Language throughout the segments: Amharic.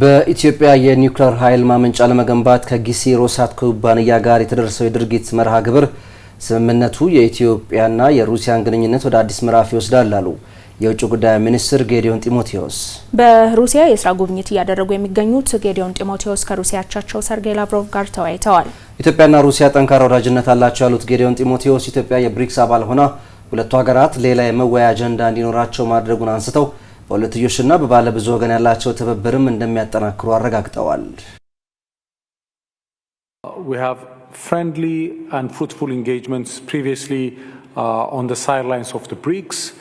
በኢትዮጵያ የኒውክሌር ኃይል ማመንጫ ለመገንባት ከጊሲ ሮሳት ኩባንያ ጋር የተደረሰው የድርጊት መርሃ ግብር ስምምነቱ የኢትዮጵያና የሩሲያን ግንኙነት ወደ አዲስ ምዕራፍ ይወስዳል አሉ የውጭ ጉዳይ ሚኒስትር ጌዲዮን ጢሞቴዎስ በሩሲያ የስራ ጉብኝት እያደረጉ የሚገኙት ጌዲዮን ጢሞቴዎስ ከሩሲያ አቻቸው ሰርጌይ ላቭሮቭ ጋር ተወያይተዋል። ኢትዮጵያና ሩሲያ ጠንካራ ወዳጅነት አላቸው ያሉት ጌዲዮን ጢሞቴዎስ ኢትዮጵያ የብሪክስ አባል ሆና ሁለቱ ሀገራት ሌላ የመወያያ አጀንዳ እንዲኖራቸው ማድረጉን አንስተው በሁለትዮሽና በባለ ብዙ ወገን ያላቸው ትብብርም እንደሚያጠናክሩ አረጋግጠዋል። We have friendly and fruitful engagements previously Uh,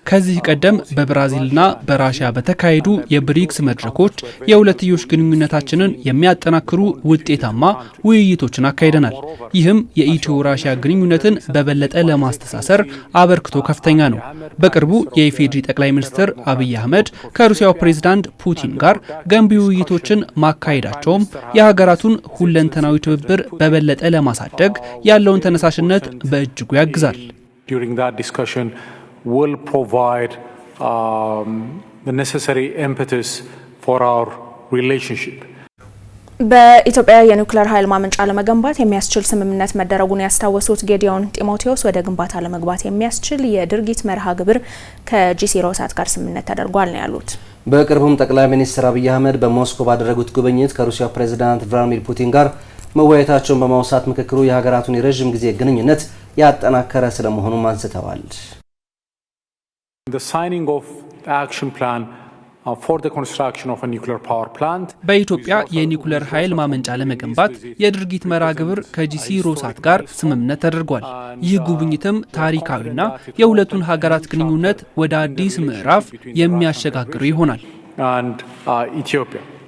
ከዚህ uh, ቀደም በብራዚልና በራሽያ በተካሄዱ የብሪክስ መድረኮች የሁለትዮሽ ግንኙነታችንን የሚያጠናክሩ ውጤታማ ውይይቶችን አካሂደናል። ይህም የኢትዮ ራሽያ ግንኙነትን በበለጠ ለማስተሳሰር አበርክቶ ከፍተኛ ነው። በቅርቡ የኢፌዴሪ ጠቅላይ ሚኒስትር አብይ አህመድ ከሩሲያው ፕሬዝዳንት ፑቲን ጋር ገንቢ ውይይቶችን ማካሄዳቸውም የሀገራቱን ሁለንተናዊ ትብብር በበለጠ ለማሳደግ ያለውን ተነሳሽነት በእጅጉ ያግዛል። during that discussion will provide um, the necessary impetus for our relationship. በኢትዮጵያ የኒውክሌር ኃይል ማመንጫ ለመገንባት የሚያስችል ስምምነት መደረጉን ያስታወሱት ጌዲዮን ጢሞቴዎስ ወደ ግንባታ ለመግባት የሚያስችል የድርጊት መርሃ ግብር ከጂሲ ሮሳት ጋር ስምምነት ተደርጓል ነው ያሉት። በቅርቡም ጠቅላይ ሚኒስትር አብይ አህመድ በሞስኮ ባደረጉት ጉብኝት ከሩሲያ ፕሬዚዳንት ቭላዲሚር ፑቲን ጋር መወያየታቸውን በማውሳት ምክክሩ የሀገራቱን የረዥም ጊዜ ግንኙነት ያጠናከረ ስለመሆኑም አንስተዋል። uh, በኢትዮጵያ የኒኩለር ኃይል ማመንጫ ለመገንባት የድርጊት መርሃ ግብር ከጂሲ ሮሳት ጋር ስምምነት ተደርጓል። ይህ ጉብኝትም ታሪካዊና የሁለቱን ሀገራት ግንኙነት ወደ አዲስ ምዕራፍ የሚያሸጋግሩ ይሆናል። uh,